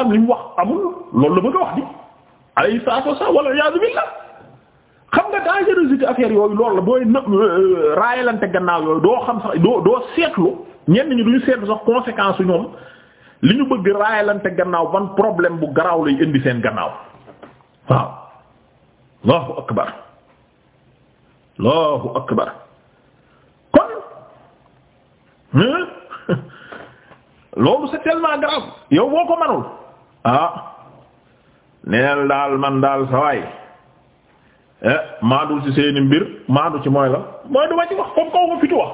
salaam li mu wax amul loolu la bëgg a wax di alayhi salaatu wasalaam wala iyaazu billah xam nga dangerosité affaire yooyu loolu la booy në euh, raayalante gannaaw yooyu doo xam sax doo doo seetlu ñenn ñi duñu seetlu sax conséquence yu ñoom li ñu bëgg raayalante gannaaw ban problème bu garaaw lay indi seen gannaaw waaw allahu akbar allahu akbar kon loolu c'est tellement grave yow boo ko manul ah neel daal man daal sawaay eh, maadul ci seeni mbir maadu ci mooy la mooy duma ci wax comme kaw ma fitu wax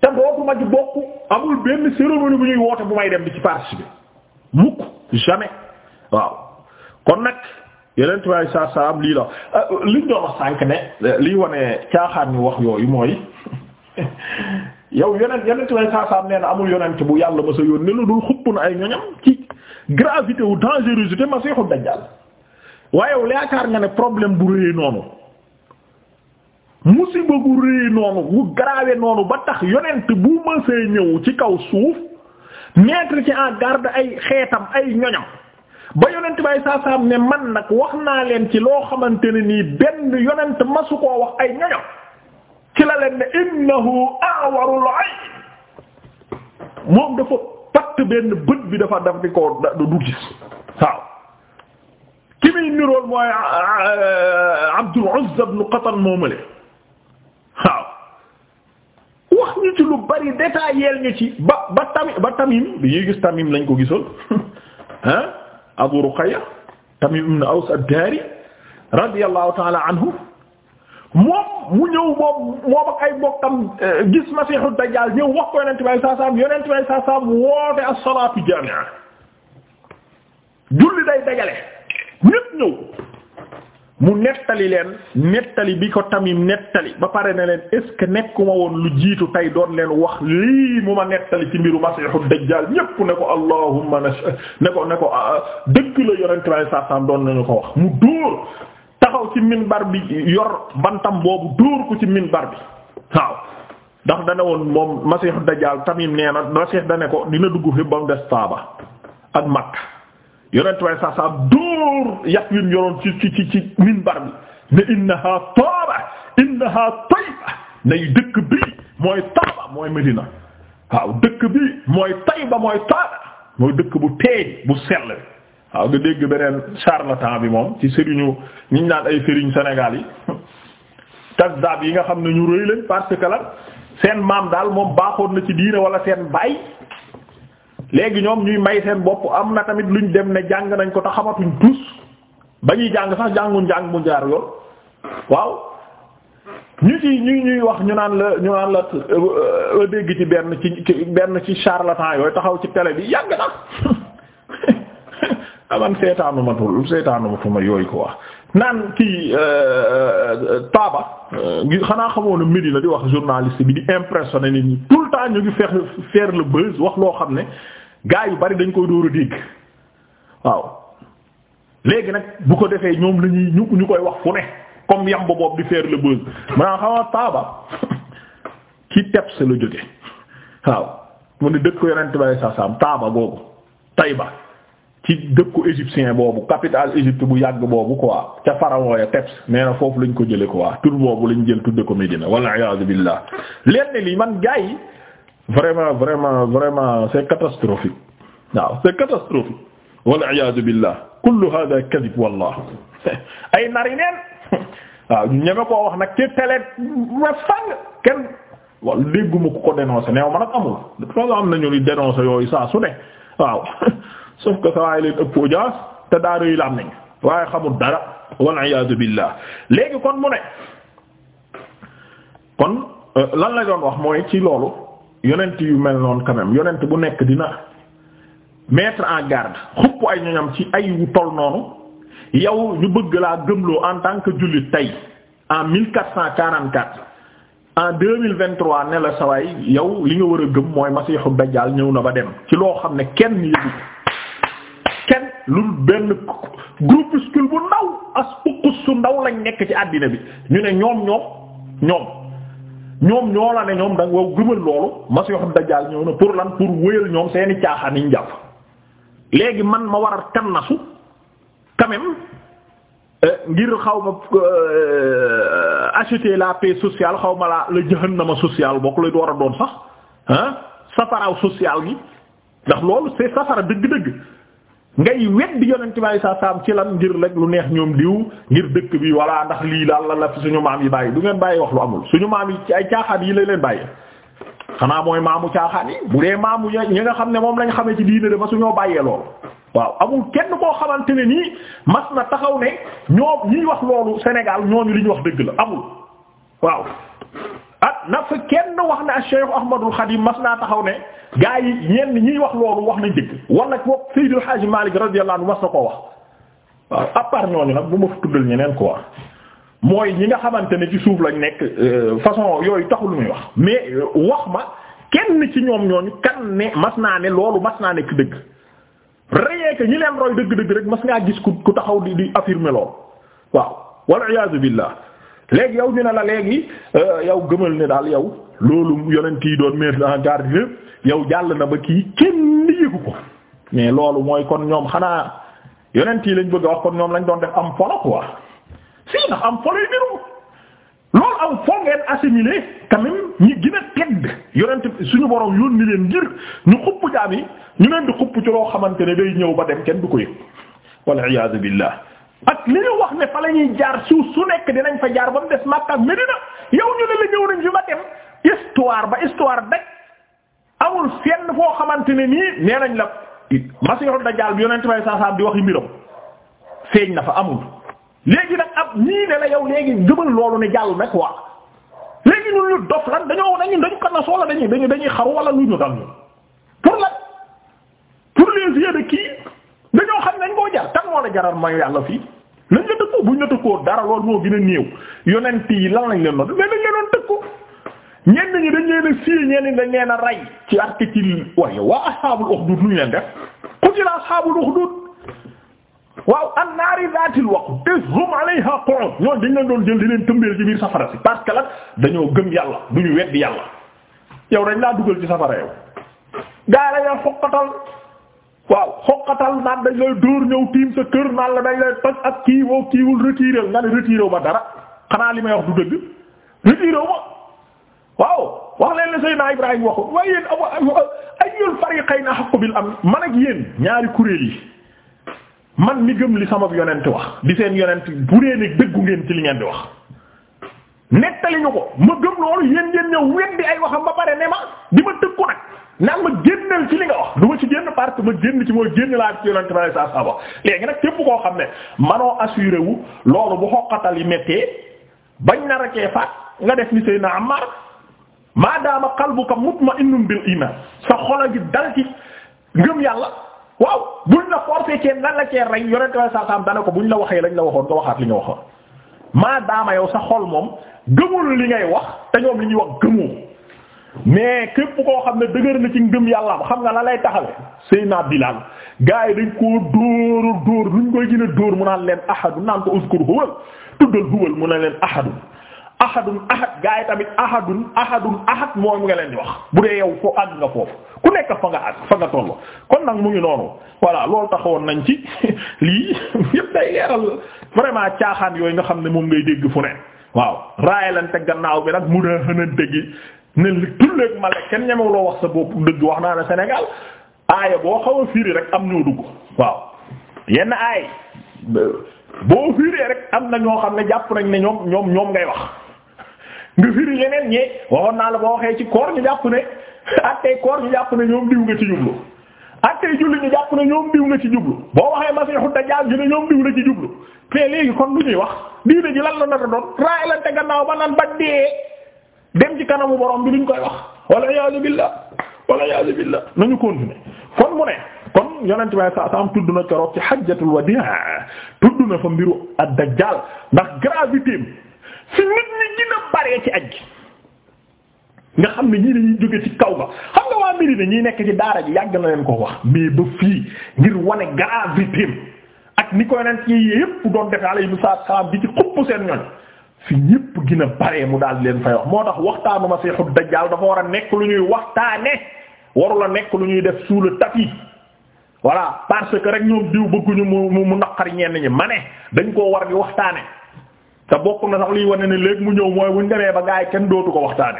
te dootuma ci bokk amul benn cérémonie bu ñuy woote bu may dem di ci participer mukk jamais waaw kon nag yeneen tubaab yi saa saa lii la eh, liñ doon wax sànq ne liy wane caaxaan ni wax yooyu mooy yow yeneen yeneen tubaab yi nee na amul yonent bu yàlla mës a yónnee lu dul xupp na ay ñoñam ci gravité wu dangerosité masiixu dajjal waaye yow yaakaar nga ne problème bu rëy noonu musiba bu rëy noonu bu grave noonu ba tax yonent bu mësee ñëw ci kaw suuf mettre ci en garde ay xeetam ay ñoñam ba yonent bay saasaam ne man nag wax naa leen ci loo xamante ne nii benn yonent masu koo wax ay ñoñam ci la leen ne innahu a'warul ayn moom dafa patt benn bët bi dafa daf di ko du gis waaw ki muy nirool mooy ah, ah, Abdul Uzza ibn Qatan moomale waaw wax ñu ci lu bari détailleel ñu ci ba ba tamit ba tamim bi ñuy gis tamim lañ ko gisoon ah Abu Ruqayya Tamim ibn Aws ad-Dari radiyallahu ta'ala anhu moom mu ñëw moom moom ak ay bokkam euh, gis masiixu dajjaal ñëw wax ko yonent bay saa saam yonent bay saa saam woote as-salaatu jaami'a julli day dajale ñépp ñëw mu nettali leen nettali bi ko tamim nettali ba pare ne leen est nekkuma woon lu jiitu tey doon leen wax lii mu ma nettali ci mbiru masiixu dajjaal ñépp ne ko allahumma ne ko ne ko ah, ah, dëgg la yonent bay saa saam doon nañu ko wax mu dóor taxaw ci minbar bi yor bantam boobu dóor ko ci minbar bi waaw ndax dana woon moom masiixu dajjaal tamim nee na masiix dane ko dina dugg fi ba mu des taaba ak makka yonent way saa saa dóor yàq yu yoroon ci ci ci ci minbar bi ne innaha taaba innaha tayba nay dëkk bi mooy taaba mooy medina waaw dëkk bi mooy tayba mooy taaba mooy dëkk bu teey bu sell waaw nga dégg beneen charlatan bi moom ci sëriñu ñi ñu naan ay sëriñ Sénégal yi kasdaab yi nga xam ne ñu rëy lañ parce que la seen maam daal moom baaxoon na ci diine wala seen baay léegi ñoom ñuy may seen bopp am na tamit luñ dem ne jàng nañ ko te xamatuñ tus ba ñuy jàng sax jànguñ jàng mu jaar yoon waaw ñu ci ñu ñuy wax ñu naan la ñu naan la euh, euh, dégg ci benn ci benn ci charlatan yooyu taxaw ci télé bi yàgg na aman ah, seetaanu ma tul seetaanu ma tuma yooyu ko wax naan kii euh, euh, euh, Taaba xanaa xamoo ne Médina di wax journaliste bi di impressionné nit ñi tout le temps ñu ngi faire faire le buzz wax loo xam ne gaa yu bari dañ koy dóor a dégg waaw. léegi nag bu ko defee ñoom la ñuy ñu ñu koy wax fu ne comme yamb boobu di faire le buzz a xamaa Taaba ki teps la jóge waaw mu ne dëkk ko Yonent bi sallallahu alayhi Taaba boobu Tayba. ci dëkku égyptien boobu capital Égypte bu yàgg boobu quoi ca pharaon ya Teps nee foofu lañ ko jële waa tur boobu lañ jël tudde ko Médina walla iyaazu billah lenn lii man gars yi vraiment vraiment vraiment c'est catastrophique waaw c'est catastrophique walla iyaazu billah kullu hada kadhib wallah ay nari neen waaw ñeme koo wax nag ci télé ma fang kenn wala dégguma ku ko dénoncé neew ma nag amul de am nañu li dénoncé yooyu saa su ne waaw sauf que sa leen ëpp audience te daa rëy la am waaye xamul dara wal iyaadu billah léegi kon mu ne kon euh, lan la doon wax mooy ci loolu yonent yu mel noonu quand même yonent bu nekk dina mettre en garde xupp ay ñoñam ci ay wu toll noonu yow ñu bëgg laa gëmloo en tant jullit tey en mille 1444 en 2023 ne la sawaay yow li nga war a gëm mooy masiixu dajjaal ñëw na ba dem ci loo xam ne kenn yëgu lu benn groupuscule bu ndaw as ukus su ndaw lañ nekk ci àddina bi ñu ne ñoom ñoom ñoom ñoom ñoo la ne ñoom da nga gëmal loolu masiixu dajjaal ñëw na pour lan pour wéyal ñoom seeni caaxaan yi ñu jàpp léegi man ma war a kannasu quand euh, ngir xaw ma euh, acheter la paix social xaw ma la la jahannama sociale bokk lay door a doon sax ah safaraw sociale gi ndax loolu safara dëgg-dëgg ngay weddi yonent bi sa salaam ci lan ngir rek lu neex ñoom liw ngir dëkk bi walla ndax lii daal la la fi suñu maam yi bàyyi du ngeen bàyyi wax lu amul suñu maam yi ci ay caaxaan yi la leen bàyyi xanaa mooy maamu caaxaan yi bu dee maamu ñi nga xam ne moom lañ xamee ci diine dafa suñoo bàyyee loolu waaw amul kenn koo xamante ne nii mas na taxaw ne ñoo ñiy wax loolu Sénégal ñooñu li ñu wax dëgg la amul waaw ah na fa kenn wax ne Cheikh Ahmadul Xadim mas naa taxaw ne gaa yi ñenn ñiy wax loolu wax nañ dëgg wala ko Seydil Hadji Malick radiyallahu anhu mas na koo wax waaw à part ñooñu nag bu ma fi tuddal ñeneen quoi mooy ñi nga xamante ne ci suuf lañ nekk euh, façon yooyu taxul muy wax mais euh, wax ma kenn ci ñoom ñooñu kan ne mas naa ne loolu mas naa ne nekk dëgg rien que ñi leen roy dëgg-dëgg rek mas ngaa gis ku ku taxaw di di affirmer loolu waaw wal iyaazu billah léegi yow ñu ne la léegi euh, yow gëmal ne daal yow loolu yonent yi doon mettre en garde yëpp yow jàll na ba kii kenn yëgu ko mais loolu mooy kon ñoom xanaa yonent yi lañ bëgg a wax kon ñoom lañ doon def am folo quoi si ndax am folo yi biirum loolu am foo ngeen assimilé ñi gën a yonent suñu borom yónni leen ngir ñu xupp jaam yi ñu leen di xupp ci loo xamante ne day ñëw ba dem kenn du ko yëg wal iyaadu billah ak li ñu wax ne fa la ñuy jaar suuf su nekk dinañ fa jaar ba mu des Makka Medina yow ñu ne la ñëw nañ fi ba dem histoire ba histoire daj amul fenn foo xamante ne nii nee nañ la Masiihu Dajjaal bi yonent bay saasaam di waxi mbiram feeñ na fa amul léegi nag am ñii ne la yow léegi gëmal loolu ne jàll nekk waa léegi ñun ñu dof lan dañoo dañu dañu kan na soola dañuy dañuy xaru wala lu ñu dal ñu pour la pour les yeux kii dañ koo jar kan moo la jaral mayu yàlla fii lañ la tëkku buñ la tëkkoo dara loolu moo gën a néew yonent yi lan lañ leen doon mais dañ leen doon tëkku ñenn ñi dañ leen a sii ñenn ñi dañ leen a rey ci arc ci waaye waa ashabul ukhdud lu ñu leen def qutila ashabul ukhdud waaw an-naari zaatil waqud hum alayha qu'ud ñooñu dañ leen doon jël di leen tëmbeel ci biir safara si parce que la dañoo gën yàlla duñu weddi yàlla yow dañ laa dugal ci safara waaw xoqatal naan dañ lay dóor ñëw tiim sa kër naan la dañ lay toj ak kii woo kiiwul retiré nga ne retiré wu ma dara xanaa li may wax du dëgg retiré ma waaw wax leen la naa Ibrahima waxoon waaye yéen ayyul fariqayn haqqu bil am man ak yéen ñaari kuréel yi man mi gëm li sama yonent wax di seen yonent bu dee dëggu ngeen ci li ngeen di wax. nettali ñu ko ma gëm loolu yéen ngeen ñëw weddi ay waxam ba pare ne ma di ma tëkku naan ma génnal ci li nga wax du ma ci génn parce que ma génn ci mooy génn laa ci yonente ma lay saa saa wax léegi nag képp koo xam ne manoo assuré wu loolu bu xoqatal yi méttee bañ na rakee faat nga def ni Seydina Ammar maadaama qalbuka mutma'innun bil iman sa xol gi dal ci ngëm yàlla waaw buñ la forcé ci nan la cee rey yonente ma lay saa saam dana ko buñ la waxee lañ la waxoon nga waxaat li nga waxoon maadaama yow sa xol moom gëmul li ngay wax te ñoom li ñuy wax gëmoo mais képp koo xam ne dëgër na ci ngëm yàllaam xam nga la lay taxawe Seyna Bilal gars yi dañ koo dóor dóor luñ koy gën dóor mu naan leen ahadu naan ko uskur huwal tuddal huwal mu ne leen ahadu ahadun ahad gars yi tamit ahadun ahadun ahad moom nga leen di wax bu dee yow foo àgg nga foofu ku nekk fa nga àgg fa nga toll kon nag mu ngi noonu voilà loolu taxawoon nañ ci lii yëpp day leeral vraiment caaxaan yooyu nga xam ne moom ngay dégg fu ne waaw raayalante gannaaw bi nag mu daa ne li tulleeg male kenn loo wax sa bopp dëgg wax naa ne Sénégal aaya boo xaw a firi rek am ñoo dugg waaw yenn aay boo firee rek am na ñoo xam ne jàpp nañ ne ñoom ñoom ñoom ngay wax nga firi leneen ñi waxoon naa la boo waxee ci koor ñu jàpp ne attey koor ñu jàpp ne ñoom diw nga ci jublu attey julli ñu jàpp ne ñoom diw nga ci jublu boo waxee masiixu dajjaal ñu ne ñoom diw la ci jublu mais léegi kon lu ñuy wax diine ji lan la nar a doon raay la te gannaaw ba naan ba dee dem ci kanamu borom bi luñ koy wax wala iyaazu billah wala iyaazu billah nañu continuer kon mu ne kon yonent bi saa saam tudd na keroog ci hajjatul wadia tudd na fa mbiru ad ndax gravité am fi ñi gën a bare ci aj nga xam ne ñii dañuy jóge ci kaw ba xam nga waa Medina ñiy nekk ci daara ji yàgg na leen ko wax mais ba fii ngir wane gravité am ak ni ko yonent yi yépp doon defee alayhi salaam di ci xupp seen ñoñ fi ñépp gën a bare mu daal leen fay wax moo tax waxtaanu masiixu dajjaal dafa war a nekk lu ñuy waxtaane warula nekk lu ñuy def sous le tapis parce que rek ñoom diw bëgguñu mu mu naqari ñenn ñi ma dañ koo war di waxtaane te bokk na sax liy wane ne léegi mu ñëw mooy buñ demee ba gaay kenn dootu ko waxtaane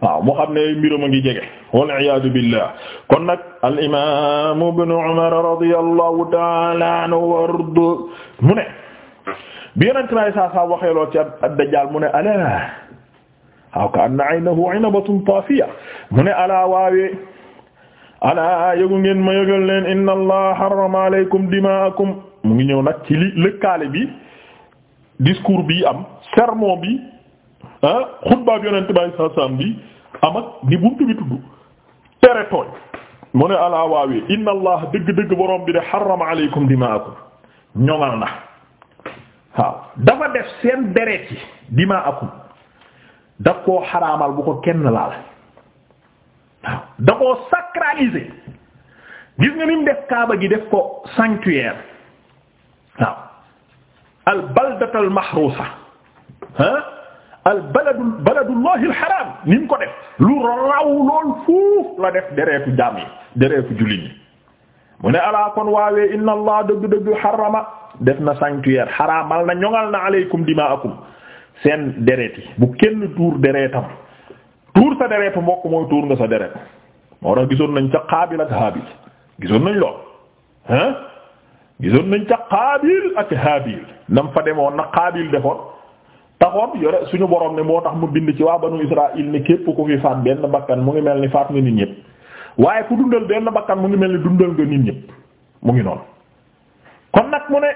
waaw moo xam ne mbiram a ngi jege wal iyaadu billah kon nag al imam ibn umar radiyallahu ta'ala anhu wardu mu ne bi yonent bi saa saa waxee loo ci ad-Dajjaal mu ne alaa aw ka anna aynahu inabatun taafiya mu ne alaa waawee alaa yëgu ngeen ma yëgal leen inna allah harrama alaykum dimaakum mu ngi ñëw nag ci li lëkkaale bi discours bi am sermon bi ah, xutbaa bi yonent bi saa bi am ni buntu bi tudd tere tooñ mu ne alaa waawee inna allah dëgg dëgg borom bi de harrama alaykum dimaakum ñoŋal na waaw dafa def seen deret yi dimaa akum daf koo xaraamal bu ko kenn laal waaw da koo sacraliser gis nga ni def kaaba gi def ko sanctuaire waaw al baldatu al mahrusa al baladu baladullahi al haram ni ko def lu raw lool fuuf la def deretu jaam yi deretu jullit yi mu ne alaa kon waawee inna allah dëgg-dëgg xarama def na sanctuaire xaraamal na ñoŋal na aleykum dimaakum seen deret yi bu kenn tuur deretam tuur sa mbokk mooy tuur nga sa deret moo tax gisoon nañ ca Qaabil ak Haabil gisoon nañ lool hein gisoon nañ ca Qaabil ak Haabil nam fa demoon na Qaabil defoon taxoon su suñu borom ne moo tax mu bind ci waa banu Israaïl ne képp ku fi faat benn bakkan mu ngi mel ni faat nga nit ñépp waaye ku dundal benn bakkan mu ngi mel ni dundal nga nit ñëpp mu ngi noonu kon nag mu ne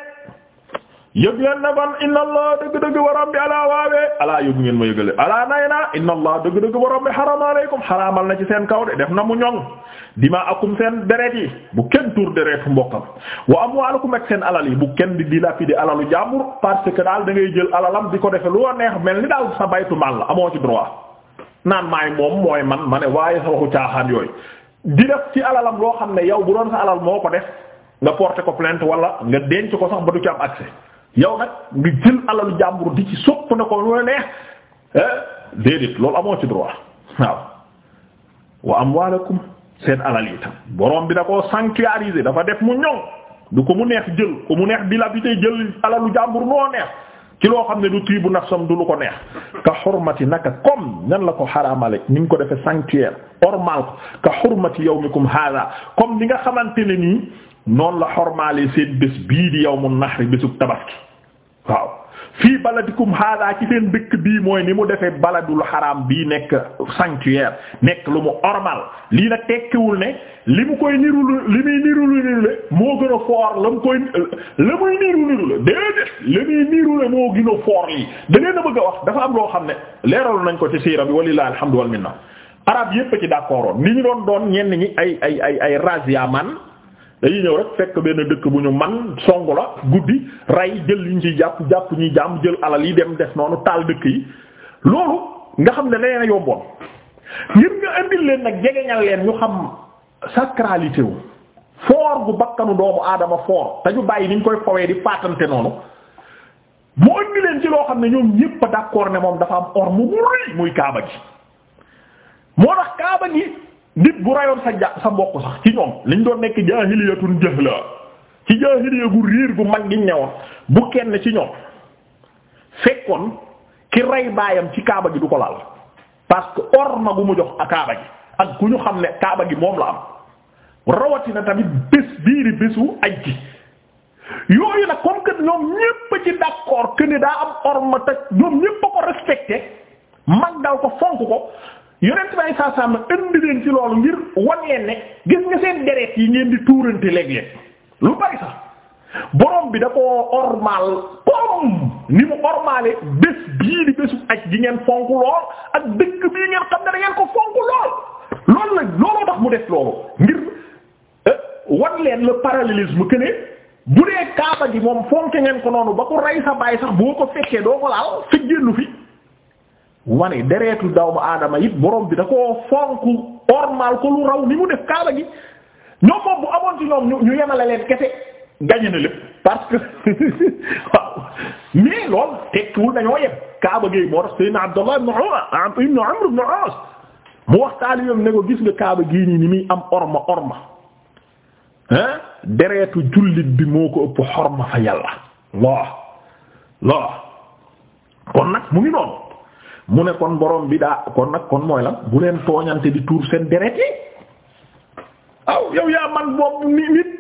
yëg leen na kon inna allah dëgg-dëgg waram bi alaa waawee alaa yëg ngeen ma yëgale alaa nay naa inna allah dëgg-dëgg waram bi xarama aleykum xaraamal na ci seen kaw de def na mu ñoŋ dima akum seen deret yi bu kenn tuur deretu mbokkam wa ku ak seen alal yi bu kenn di dilapider alalu jàmbur parce que daal da jël alalam di ko defe lu neex mel ni daal sa baytu mal amoo ci droit naan maay mooy man waaye sa waxu yooyu di def ci alalam loo xam ne yow bu doon sa alal moo ko def nga porter ko plainte wala nga denc ko sax ba du ci am accès yow nag nga jël alalu jàmbur di ci sopp na ko lu la neex eh, déedéet loolu amoo ci droit waaw wa amwaalakum seen alal yi tam borom bi da koo sanctuariser dafa def mu ñoŋ du ko mu neex jël ko mu neex dilapider jël alalu jàmbur noo neex ci loo xam ne du tiibu nafsam du lu ko neex ka xurmati naka comme nan la ko xaraamale ni nga ko defee sanctuaire ormal ko ka xurmati yawmikum hada comme ni nga xamante ne nii noonu la xormaale seen bés bii di yawmun nahri bésub tabaski waaw fii baladikum hada ci seen dëkk bii mooy ni mu defee baladul xaram bii nekk sanctuaire nekk lu mu ormal lii nag tekkiwul ne li mu koy niru li muy niru niru le moo gën a foor la mu koy la muy niru niru le déedéet la muy niru le moo gën a foor lii da ngeen a bëgg a wax dafa am loo xam ne leeralu nañ ko ci siira bi walilah alhamdu wal minna arab yépp ci d'accord woon ni ñu doon doon ñenn ñi ay ay ay ay razia man dañuy ñëw rek fekk benn dëkk bu ñu man songu la guddi rey jël liñ ci jàpp jàpp ñuy jàmm jël alal yi dem def noonu taal dëkk yi loolu nga xam ne nee na yomboon ngir nga indil leen nag jegeñal leen ñu xam sacralité wu foor bu bakkanu doomu aadama foor te ñu bàyyi ni ñu koy fowee di paatante noonu mu indi ci loo xam ne ñoom ñépp d'accord ne moom dafa am or mu muy muy kaaba gi moo tax kaaba gi nit bu rayoon sa ja sa mbokk sax ci ñoom liñ doon nekk jaahiliyatun jahla ci jaahiliya gu riir gu mag gi ñëwoon bu kenn ci ñoom fekkoon ki rey baayam ci kaaba gi du ko laal parce que orma gu mu jox ak kaaba gi ak gu ñu xam ne kaaba gi moom la am rawatina tamit bés biiri bésu aj yooyu nag comme que ñoom ñépp ci d'accord que ne daa am orma te ñoom ñépp a ko respecté mag daw ko fonk ko yonent bi saa saa ma indi leen ci loolu ngir wan leen ne gis nga seen deret yi ngeen di tuurante léeg-léeg lu bari sax borom bi da koo ormal borom ni mu ormale bés bii di bésu aj gi ngeen fonk lool ak dëkk bii ngeen xam ne da ko fonk lool loolu la looloo tax mu def loolu ngir eh, wan leen le parallélisme que ne bu dee kaaba gi moom fonk ngeen ko noonu ba ko rey sa baay sax boo ko fekkee doo ko laal fi génnu fi. wane dereetu doomu aadama it boroom bi da koo fonk ormal ko lu raw ni mu def kaaba gi ñoom moom bu amoon ci ñoom ñu yemale leen kese gañe na lépp parce que waaw mais loolu tekkiwul dañoo yem kaaba gi moo tax Seydina Abdallah ibn Umar ibn Amr mu wax taalibeem ne ko gis nga kaaba gii nii ni muy am orma orma hein dereetu jullit bi moo ko ëpp xorma fa yàlla loo loo kon nag mu ngi noonu mu ne kon borom bi daa kon nag kon mooy la bu leen tooñante di tuur seen deret yi waaw yow yaa man boobu ni nit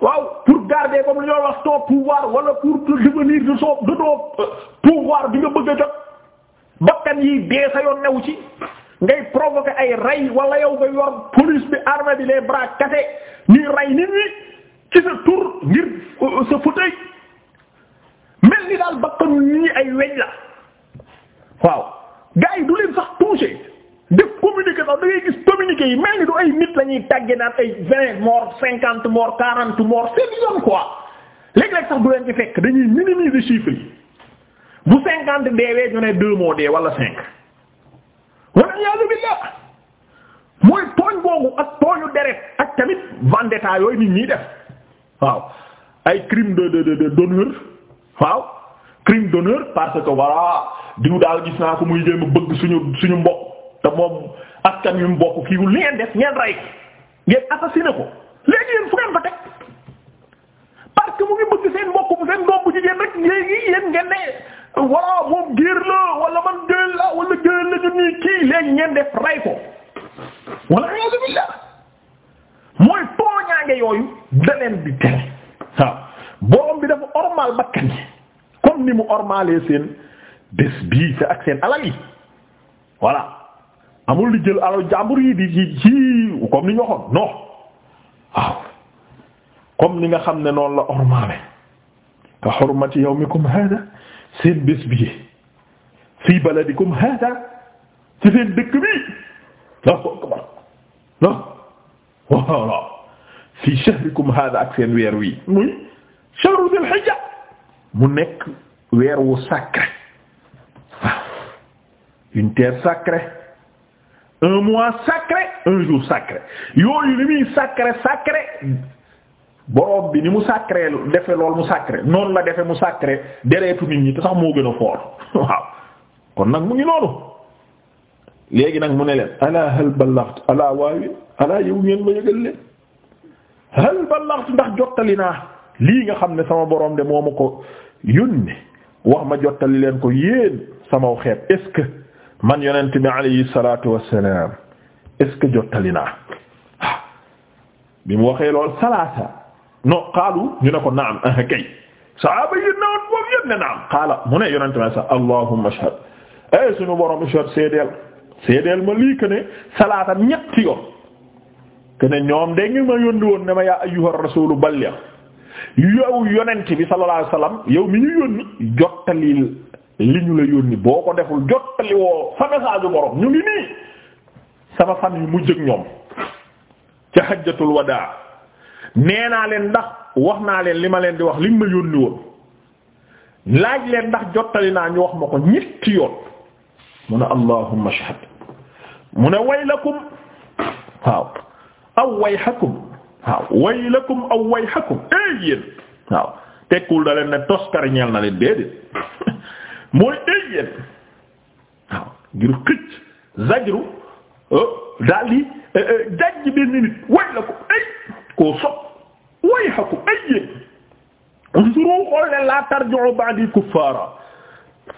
waaw pour garder comme li ñoo wax ton pouvoir wala pour devenir de son de euh, bi nga bëgg jot bakkan yi dee sa yoon new ci ngay provoquer ay rey wala yow nga yor police bi armée bi les bras cassés rey nit ñi ci sa tur ngir euh, sa fauteuil mel ni daal bakkanu nit ñi ay weñ la waaw gars yi du leen sax touché def communiqué sax da gis communiqué yi mel ni du ay nit la ñuy tàggee naan ay vingt morts cinquante morts quarante morts seen yoon quoi léeg-léeg sax du leen ci fekk dañuy minimiser chiffre yi bu cinquante deewee ñu ne deux moo dee wala cinq wala mooy tooñ boobu ak tooñu deret ak tamit vendetta yooyu nit ñi def waaw ay crime de de de d'honneur waaw. crime d'honneur parce que voilà diw daal gis naa ko muy jéem a bëgg suñu suñu mbokk te moom askan yu mbokk kii lu ngeen def ngeen rey ko léegi yéen fu ngeen ko teg parce que mu ngi bëgg seen mbokk bu seen doom bu jigéen rek léegi yéen ngeen ne voilà moom géer la wala man géer la wala géer la ñu nii kii léegi ngeen def rey ko wala a'uuzu mooy tooñaange yooyu da leen di tere waaw borom bi dafa ormal bakkan yi comme ni mu ormaale seen bés bii te ak seen alal yi voilà amul li jël alal jàmbur yi di ci ci comme ni ñu waxoon non waaw comme ni nga xam ne noonu la ormaale ka hurmati yawmikum hada seen bés bii fii baladikum hada ci seen dëkk bi non non voilà fii shahrikum hada ak seen weer wi muy shahru dhul hijja mu nekk. weer wu sacré waaw une terre sacrée un mois sacré un jour sacré yooyu ni muy sacré sacré boroom bi ni mu sacré defe lool mu sacré noonu la defe mu sacré dereetu nit ñi te sax moo gën a foor waaw kon nag mu ngi noonu léegi nag mu ne leen ala hal ballaxt ala waawi ala yow ngeen ma yëgal leen hal ballaxt ndax jottali naa lii nga xam ne sama boroom de moo ma ko yónni wax ma jottali leen ko yéen samaw xeet est-ce que man yonent bi alayhi salaatu wassalaam est-ce que jottali naa ah. bi mu waxee lool salaasa no qaalu ñu ne ko naam kay sahaaba yi nawoon moom yëpp ne naam qaala mu ne yonent bi sax allahumma ashhad ay eh, suñu borom ashhad seedeel seedeel ma lii que ne salaata ñetti yoon que ñoom de ngi ma yónni woon ne ma yaa ayyuhar rasuulu balligh yow yonent bi sallallahu alayhi wasallam yow mi ñu yónni jottalil li ñu la yónni boo ko deful jottali woo fa message borom ñu ngi nii sama fan yu mu jëg ñoom ca xajjatul wadaa nee naa leen ndax wax naa leen li ma leen di wax liñ ma yónni woon laaj leen ndax jottali naa ñu wax ma ko ñetti yoon mu ne allahumma ashhad mu ne waylakum waaw aw wayhakum waaw waylakum aw wayhakum éey yéen waaw tekkul da leen ne toskar ñeel na leen déedéet mooy éey yéen waaw ngir xëcc zajru euh, daal di euh, euh, jàjj benn nit waylakum éey koo sob wayhakum éey yéen unzuru xool leen laa tarji'u ba'di kuffaara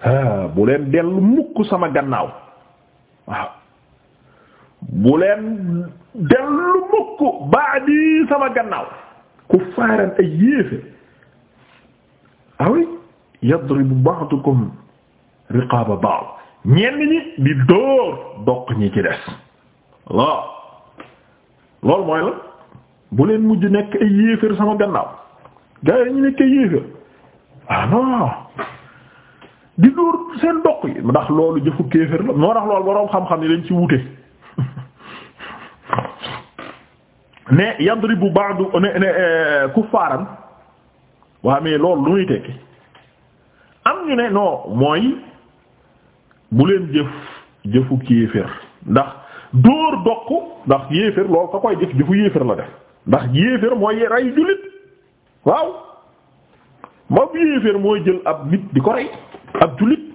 ah, bu leen dellu mukk sama gannaaw waaw bu leen dellu mukk baadi sama gannaaw ku faaran ay yéefe awi ah yadribu ba'dukum riqaba ba'd ñenn ñi di dóor doq ñi ci des loo loolu mooy la bu leen mujj nekk ay yéefér sama gannaaw gaa yi nekk ay yéefér ah di dóor seen doq yi ndax loolu jëfu kéefér la moo tax loolu boroom xam-xam ni dañ ci wute ne yadribu ba'du ne ne eh, kuffaaran waa mais loolu lu muy tekki am ñu ne non mooy bu leen jëf jëfu kéefër ndax dóor doq ndax yéefër loolu ka koy jëf jëfu yéefër la def ndax yéefër mooy rey jullit waaw moom yéefër mooy jël ab nit di ko rey ab jullit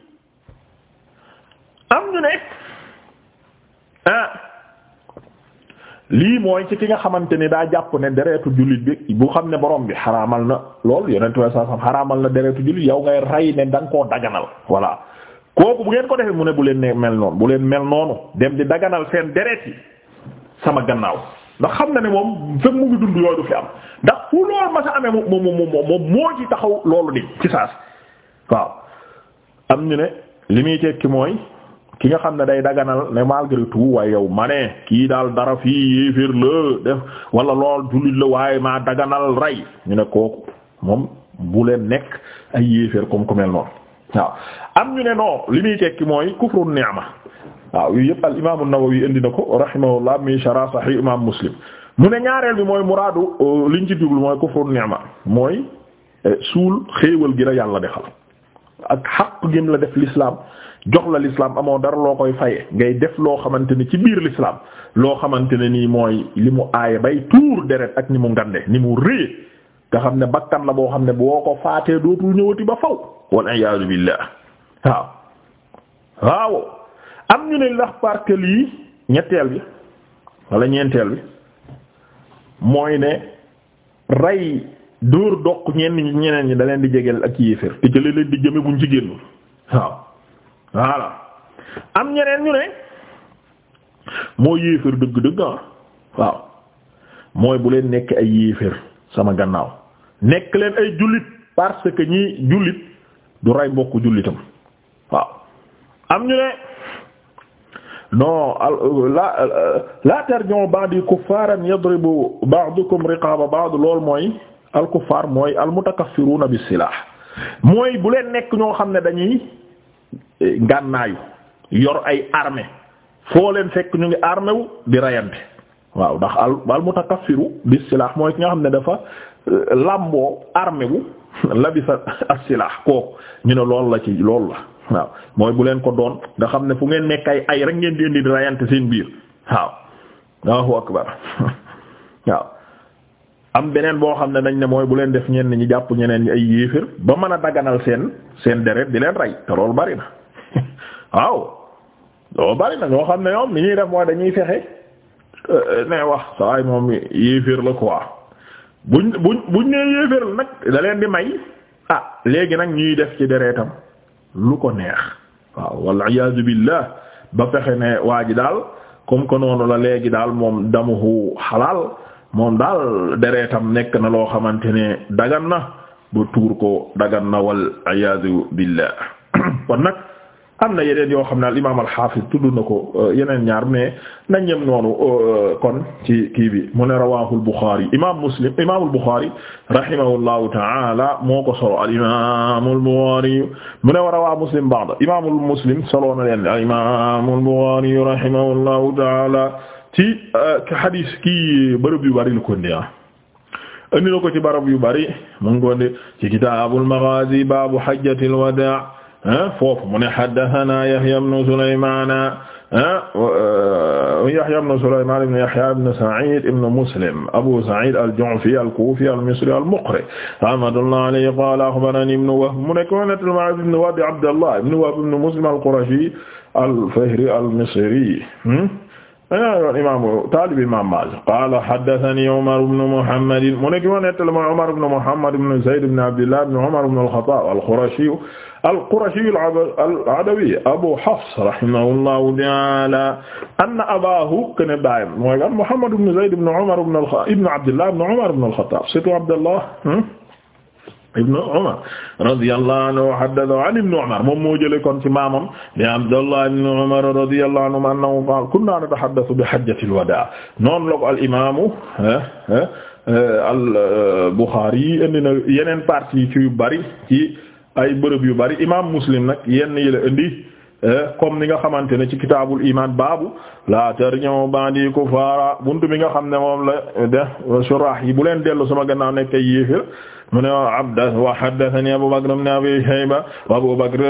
lii mooy ci ki nga xamante ni daa jàpp ne deretu jullit bi bu xam ne borom bi xaraamal na lool yonent bi saa sam xaraamal na deretu jullit yow ngay rey ne da nga koo daganal voilà kooku bu ngeen ko defee mu ne bu leen ne mel noonu bu leen mel noonu dem di daganal seen deret yi sama gannaaw ndax xam na ne moom fekk mu ngi dund yooyu fi am ndax fu loolu ma sa amee mu mu mu moom moo ci taxaw loolu di ci saas waaw am ñu ne li muy tekki mooy ki nga xam ne day daganal ne malgré tout waaye yow ma ne kii daal dara fii yéeféer la def wala lool jullit la waaye ma daganal rey ñu ne kooku moom bu leen nekk ay yéeféer comme ku mel noonu waaw am ñu ne non li muy tekki mooy kufru ni'ma waaw yooyu yëpp al imaamu Nawawi indi na ko rahimahullah mi shara sahih imam Muslim mu ne ñaareel bi mooy muraadu euh, liñ ci déglu mooy kufru ni'ma mooy euh, suul xéewal gi la yàlla defal ak xaq gi mu la def l'islam jox la l'islam amoo dara loo koy faye ngay def loo xamante ni ci biir lislaam loo xamante ne nii mooy li mu aaye bay tuur deret ak ni mu ngande ni mu rëye nga xam ne bakkan la boo xam ne boo ko faatee dootul ñëwati ba faw wal iyaadu billah waaw waaw am ñu ne ndax parce lii ñetteel bi wala ñeenteel bi mooy ne rey dóor doq ñenn ñeneen ñi da leen di jegeel ak yéeféer te ci leen di jëme buñ ci waaw voilà am ñeneen ñu ne moo yéeféer dëgg-dëgg ah waaw mooy bu leen nekk ay yéeféer sama gannaaw nekk leen ay jullit parce que ñi jullit du rey mbokk jullitam waaw am ñu ne non euh, la euh, la tarji'u ba'di kuffaaran yadribu ba'dukum riqaaba ba'd lool mooy al kuffaar mooy al mutakaffiruuna bis silaah mooy bu leen nekk ñoo xam ne dañuy gànnaayu yor ay armée foo leen fekk ñu ngi armé di rayante waaw ndax al al mutakaffiru bi silah mooy ki nga xam ne dafa euh, làmboo armé wu labisa as-silah kooku ñu ne loolu la ci loolu la waaw mooy bu leen ko doon nga xam ne fu ngeen nekk ay ay rek ngeen di indi seen biir waaw waaw am beneen boo xam ne dañ ne mooy bu leen def ñenn ñi jàpp ñeneen ñi ay yéefér ba mën a daganal seen seen deret di leen rey te loolu bari na waaw loolu bari ñoo xam ne ñoom li ñuy def mooy dañuy fexe euh, ne wax sawaay moom yéefér la quoi buñ buñ buñ nee la leen di may ah léegi nag ñuy def ci deretam ko neex waaw wal iyaazu ba fexe ne waa ji daal comme que noonu la léegi daal moom damuhu xalaal moom daal deretam nekk na loo xamante ne dagan na ba tuur ko dagan na wal iyaadu billah kon nag am na yeneen yoo xam ne al imaam al xaafis na ko euh, yenen ñaar mais nañ ñem noonu euh, kon ci kii bi mu ne rawaahul Buxaari imaam Muslim imaamul Buxaari rahimahullahu ta'ala moo ko solo al imaamul Buxaari mu ne wa rawaa Muslim ba'da imaamul Muslim solo na ta'ala ci euh, xadiis kii bërëb yu bari lu ko ndi ah indi na ko ci barab yu bari mu ngi ko ndi ci kitaabul maghaazi baabu hajjatil wadaa ah, foofu mu ne haddathanaa Yahya ibn Sulaymaan ah, euh, Yahya ibn Sulaymaan ibn Yahya ibn Sa'iid ibn Muslim Abu Sa'iid al-Ju'fi al-Kuufi al-Misri al-Muqri rahmatullahi alayhi qaala akhbaranii ibn Wahb mu nekk ibn Wahb Abdallah ibn Wahb ibn Muslim al-Qurashi al-Fihri al-Misri hmm? dañu imaamu taalib imaam Maalik qaala haddathanii Umar ibn Muhammad mu nekk ma nettali mooy Umar ibn Muhammad ibn Zayd ibn Abdillah ibn Umar ibn al-Khattaab al-Qurashi al-Qurashi al-Adawi Abu Hafs rahimahullahu ta'aala anna abaahu kaana baayam mooy Muhammad ibn Zayd ibn Umar ibn Abdillah ibn Umar ibn al-Khattaab surtout Abdallah hmm? ibnu Umar radiyallahu anhu haddatha an ibnu Umar moom moo jëlee kon ci maamam di Abdullah ibnu Umar radiyallahu anhu annahu qaala kunna natahaddathu bi hajjatil wadaa noonu la ko al imaamu eh, eh, eh, al Bukhari indi na yeneen partie ci yu bari ci ay bërëb yu bari imaam Muslim nag yenn yi la indi comme ni nga xamante ne ci kitaabul imaan baabu la tarji'u ba'di kufaara buntu bi nga xam ne moom la def surah yi bu leen dellu sama gannaaw nekk yéefir mu ne abda wa haddathani Abu Bakr ibn Abi Shayba wa Abu Bakr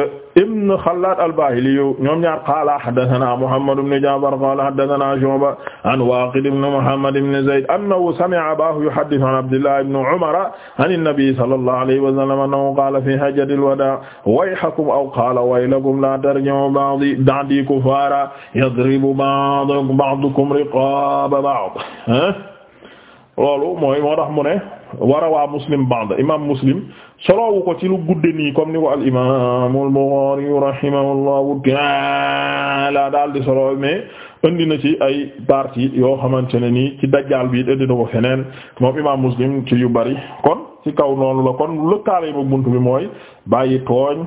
ibn Khallad al-Bahili ñoom ñaar qaala haddathana Muhammad ibn Ja'far qaala haddathana Shu'ba an Waqid ibn Muhammad ibn Zayd annahu sami'a abahu yuhaddithu an Abdillah ibn Umar an an-nabi sallallahu alayhi wa sallam annahu qaala fi hajjati al-wadaa' wayhakum aw qaala waylakum la tarji'u ba'di ba'di kufaara yadribu ba'dakum ba'd ba'dukum riqaaba ba'd loolu mooy moo tax mu ne warawaa muslim ba'd imaam muslim soloowu ko ci lu gudde nii comme ni ko al imaam al daal di soloo mais na ci ay partie yoo xamante ne nii ci bi indi ko feneen moom imaam muslim ci yu bari kon ci kaw noonu la kon lëkkaale ma bunt bi mooy bàyyi tooñ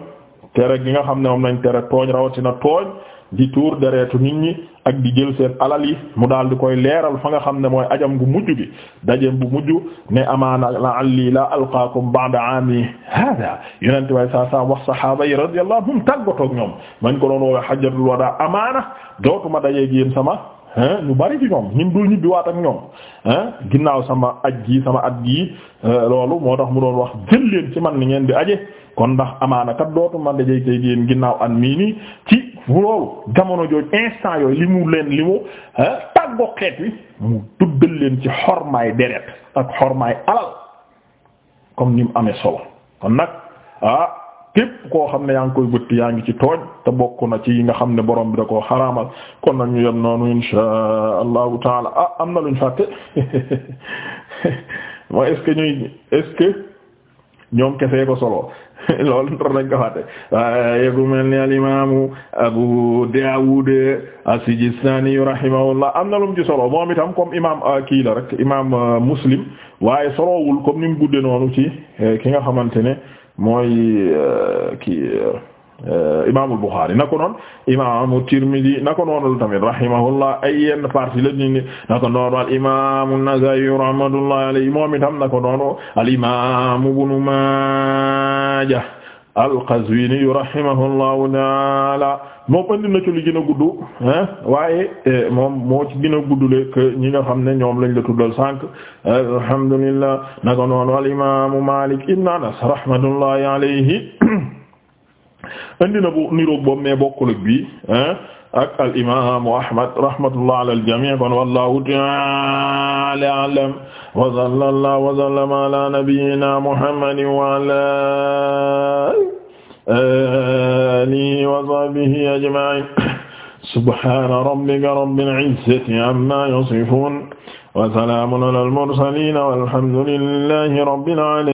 tere gi nga xam ne moom nañ tere tooñ rawatina tooñ di tuur deretu nit ñi ak di jël seen alal yi mu daal di koy leeral fa nga xam ne mooy ajam gu mujj bi dajeem bu mujj ne amaana la alli la alqaakum ba'da aami hada yonente way sa saa wax sahaaba yi radiyallahu anhum tàggatoog ñoom mañ ko doon woowe hajjatul wadaa amaana dootuma dajeeg yéen sama ñu bari ci ñoom ñun dul ñibbi waat ak ñoom ginnaaw sama aj gi sama at gi euh, loolu moo tax mu doon wax jël leen ci man ni ngeen di aje kon ndax amaana kat dootuma dajeeg tey yéen ginnaaw an mii loolu jamono jooj instant yooyu li mu leen li mu tàggoo xeet wi mu tuddal leen ci xormaay deret ak xormaay alal comme ni mu amee solo kon nag ah képp koo xam ne yaa ngi koy bëtt yaa ngi ci tooñ te bokk na ci yi nga xam ne borom bi da koo xaraamal kon nag ñu yem noonu insha allahu taala ah am na luñ fàtte mooy est ñuy est ñoom kefee ko solo loolu tor nañ ko fàtte waaye ku mel ni al imaamu Abu Daawud as-Sijistaani rahimahullah am na lu mu ci solo moom itam comme imaam ah, kii la rek imaam ah, Muslim waaye solowul comme ni mu gudde noonu ci eh, ki nga xamante ne mooy eh, kii eh, Euh, imaamul Buxaari na ko noonu imaamu Tirmidi na ko noonu tamit rahimahullah ay yenn partie la ñu na ko noonu al imaamu Nasaa'i rahmatullahi alayhi moom itam na ko noonu al imaamu Ibnu Maaja al-Qazwiini rahimahullahu taala moom andi na ci li gën a gudd waaye eh, moom moo ci gën a guddule ñi nga xam ne ñoom lañ la tuddal sànq alhamdulillah naka noonu al imaamu Maalik ibn Anas rahmatullahi alayhi indi na bu niroog boobu mais bokkul ak bii ak al imaamu Ahmad rahmatullah ala al jamii kon wallahu ta'ala a'lam wa sallallahu wa sallama ala nabiyyina Muhammadin wa ala alihi wa sahbihi ajma'in subhana rabbika rabbil izzati amma yasifun wa salamun ala al mursalin walhamdulillahi rabbil alamin